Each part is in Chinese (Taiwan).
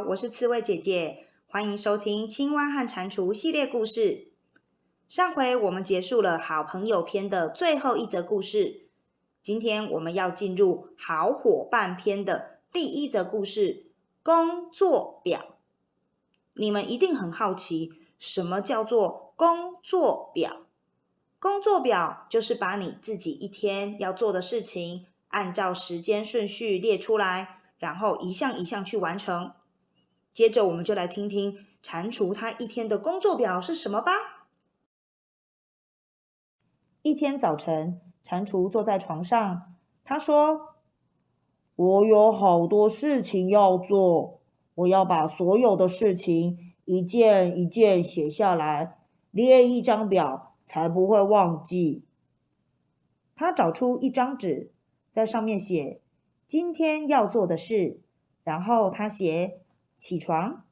我是刺蝟姐姐，歡迎收聽《青蛙和蟾蜍》系列故事。上回我們結束了“好朋友”篇的最後一則故事，今天我們要進入“好夥伴”篇的第一則故事——工作表。你們一定很好奇，什麼叫做工作表？工作表就是把你自己一天要做的事情，按照時間順序列出來，然後一項一項去完成。接着，我們就來聽聽蟾蜍他一天的工作表是什麼吧。一天早晨，蟾蜍坐在床上，他說：“我有好多事情要做，我要把所有的事情一件一件寫下來，列一張表，才不會忘記。”他找出一張紙，在上面寫今天要做的事，然後他寫。起床，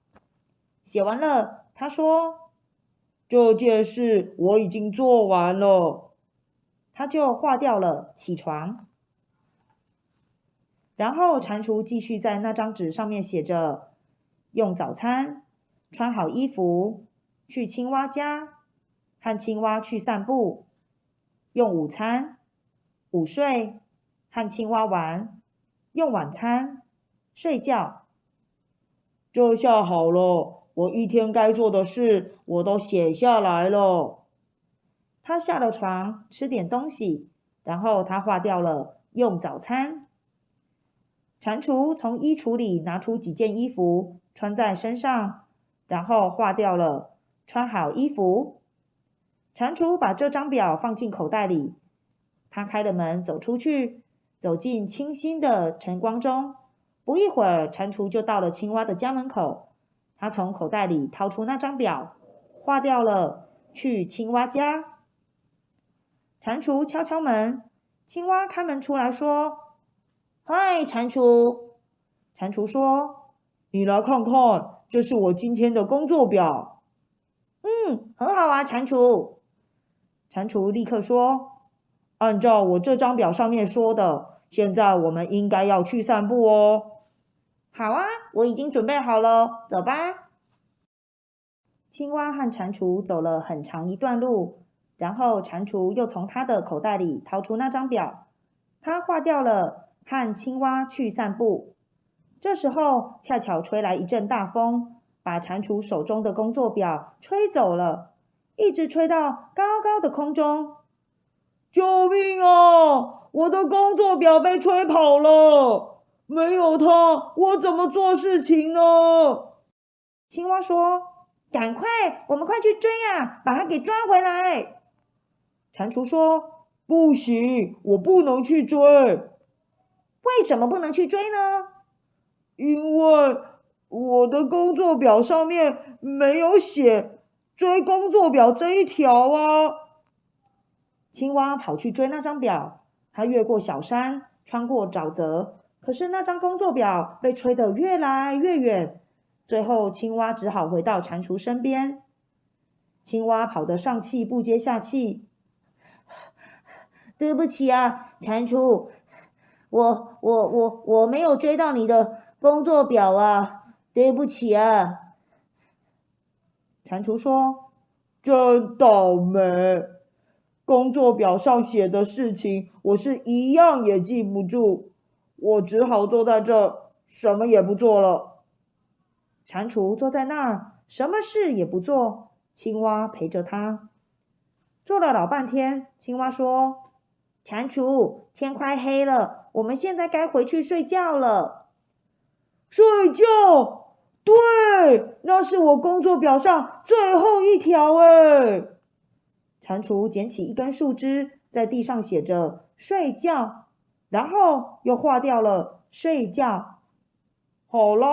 寫完了。他說：“這件事我已經做完了。”他就劃掉了“起床”。然後蟾蜍繼續在那張紙上面寫着：“用早餐，穿好衣服，去青蛙家，和青蛙去散步；用午餐，午睡，和青蛙玩；用晚餐，睡覺。”這下好了，我一天該做的事我都寫下來了。他下了床，吃點東西，然後他劃掉了「用早餐」。蟾蜍從衣櫥裡拿出幾件衣服，穿在身上，然後劃掉了穿好衣服。蟾蜍把這張表放進口袋裡，他開了門走出去，走進清新的晨光中。不一會兒，蟾蜍就到了青蛙的家門口。他從口袋裡掏出那張表，劃掉了，去青蛙家。蟾蜍敲敲門，青蛙開門出來說：“嗨，蟾蜍。”蟾蜍說：“你來看看，這是我今天的工作表。”“嗯，很好啊，蟾蜍。”蟾蜍立刻說：“按照我這張表上面說的，現在我們應該要去散步哦。”好啊，我已經準備好了，走吧。青蛙和蟾蜍走了很長一段路，然後蟾蜍又從他的口袋裡掏出那張表，他劃掉了，和青蛙去散步。這時候恰巧吹來一陣大風，把蟾蜍手中的工作表吹走了，一直吹到高高的空中。救命啊！我的工作表被吹跑了。沒有它，我怎麼做事情呢？青蛙說：“趕快，我們快去追呀，啊，把它給抓回來。”蟾蜍說：“不行，我不能去追。”為什麼不能去追呢？因為我的工作表上面沒有寫追工作表這一條啊。青蛙跑去追那張表，它越過小山，穿過沼澤。可是那張工作表被吹得越來越遠，最後青蛙只好回到蟾蜍身邊。青蛙跑得上氣不接下氣。對不起啊，蟾蜍，我我我我沒有追到你的工作表啊，對不起啊。蟾蜍說：“真倒霉，工作表上寫的事情，我是一樣也記不住。”我只好坐在這，什麼也不做了。蟾蜍坐在那兒，什麼事也不做。青蛙陪着它，坐了老半天。青蛙說：“蟾蜍，天快黑了，我們現在該回去睡覺了。”睡覺？對，那是我工作表上最後一條欸。蟾蜍撿起一根樹枝，在地上寫着“睡覺”。然後又劃掉了，睡覺。好啦，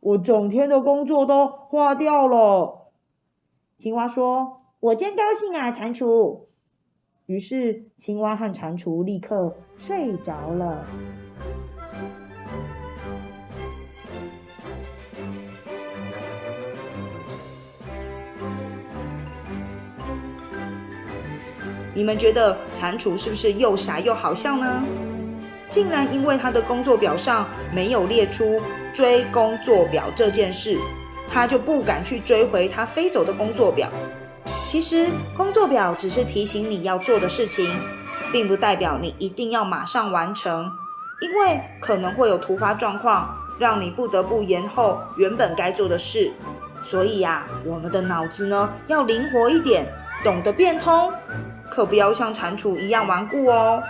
我整天的工作都劃掉了。青蛙說：“我真高興啊，蟾蜍。”於是，青蛙和蟾蜍立刻睡着了。你們覺得蟾蜍是不是又傻又好笑呢？竟然因為他的工作表上沒有列出追工作表這件事，他就不敢去追回他飛走的工作表。其實工作表只是提醒你要做的事情，並不代表你一定要馬上完成，因為可能會有突發狀況讓你不得不延後原本該做的事。所以呀，我們的腦子呢要靈活一點，懂得變通，可不要像蟾蜍一樣頑固哦。